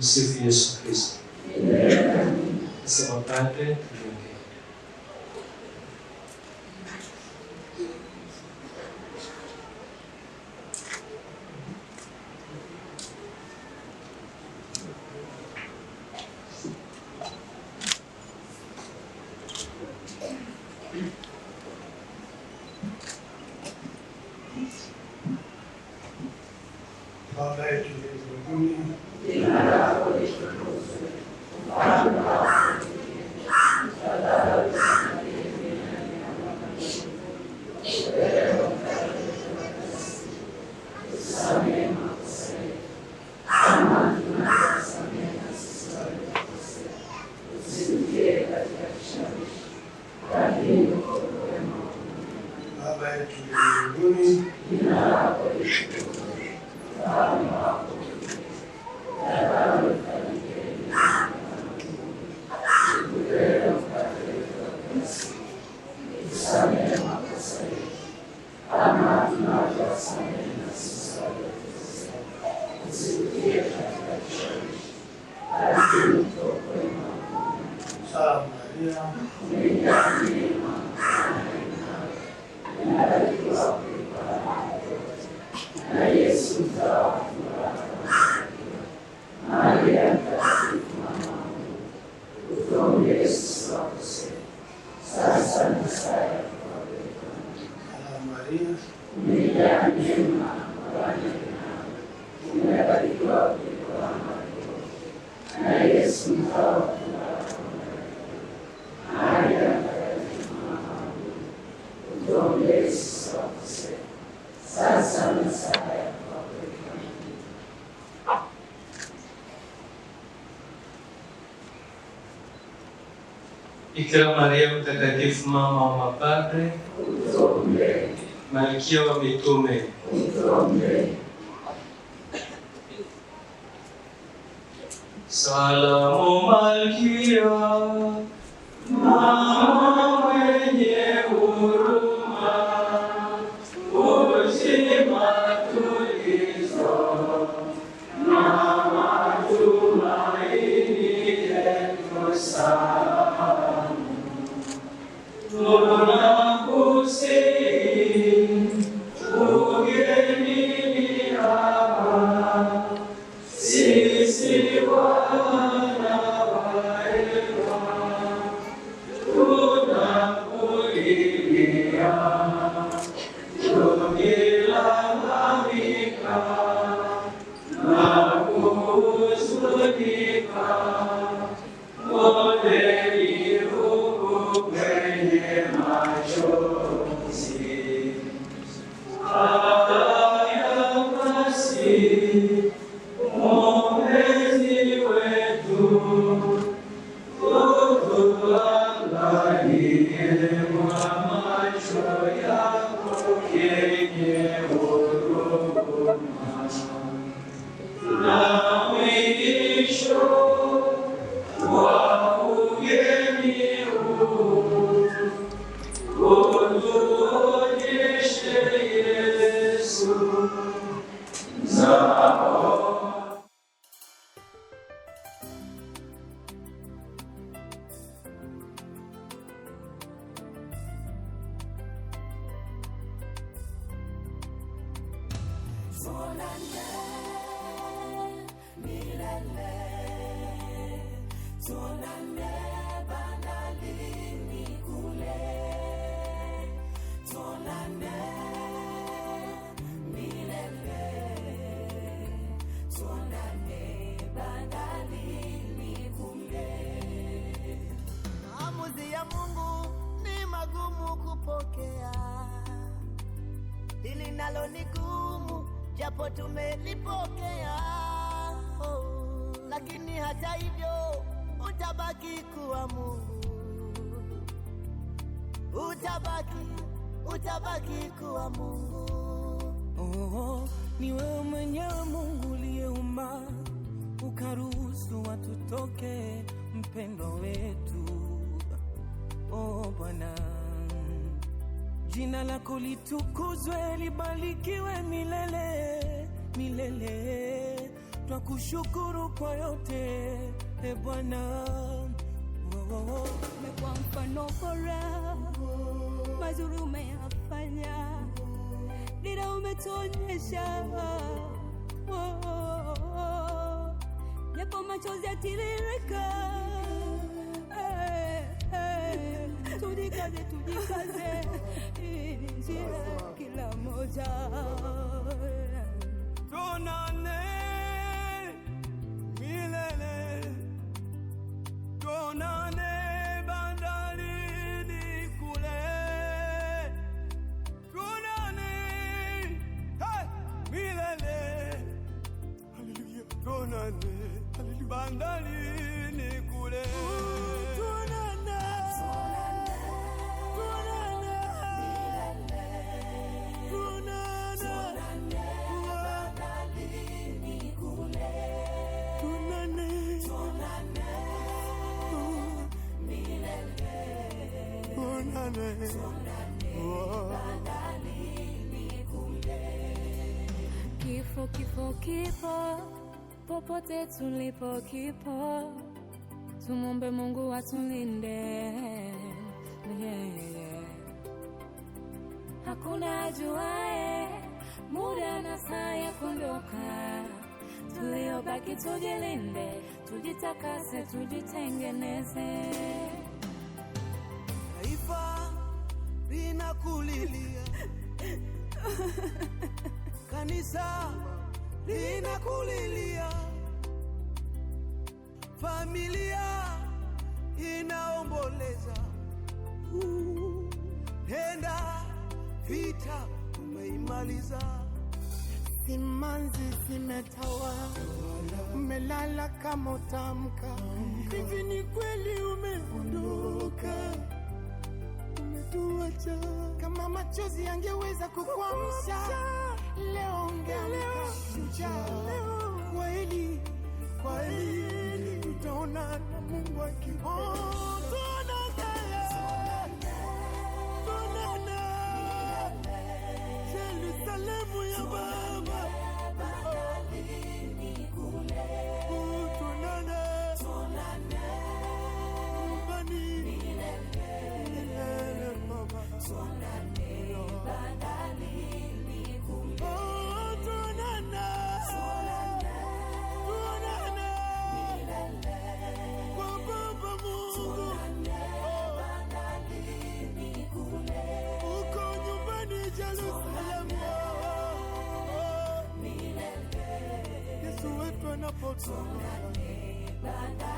Você via essa questão. Essa batalha é Santa Fé. Bikira Maria mtakatifu mama wa mapadre, malkia wa mitume. Salamu malkia Por não você Mungu ni magumu kupokea, hili nalo ni gumu japo tumelipokea oh, lakini hata hivyo utabaki kuwa Mungu, utabaki utabaki kuwa Mungu. Oh, ni wewe mwenyewe Mungu uliyeumba ukaruhusu watu toke mpendo wetu. Oh Bwana Jina lako litukuzwe, libalikiwe milele milele. Twakushukuru kwa yote, e Bwana. Umekuwa mfano bora, mazuri umeyafanya, dira umetuonyesha, japo machozi yatiririka tujikaze, tujikaze, njia kila moja tuonane milele, tuonane bandarini kule, tuonane tuonane, kifo kifo kipo popote tulipo, kipo tumombe Mungu watulinde yeah. Hakuna juae muda na saa ya kuondoka, tuliobaki tujilinde, tujitakase, tujitengeneze kulilia, kanisa linakulilia, familia inaomboleza. henda vita umeimaliza, simanzi zimetawa, umelala kama utamka. Hivi ni kweli umeondoka? kutuacha. Kama machozi yangeweza kukwamsha, leo ungeamka shujaa. Kwa heri, kwa heri, tutaonana Mungu akiona unapotoka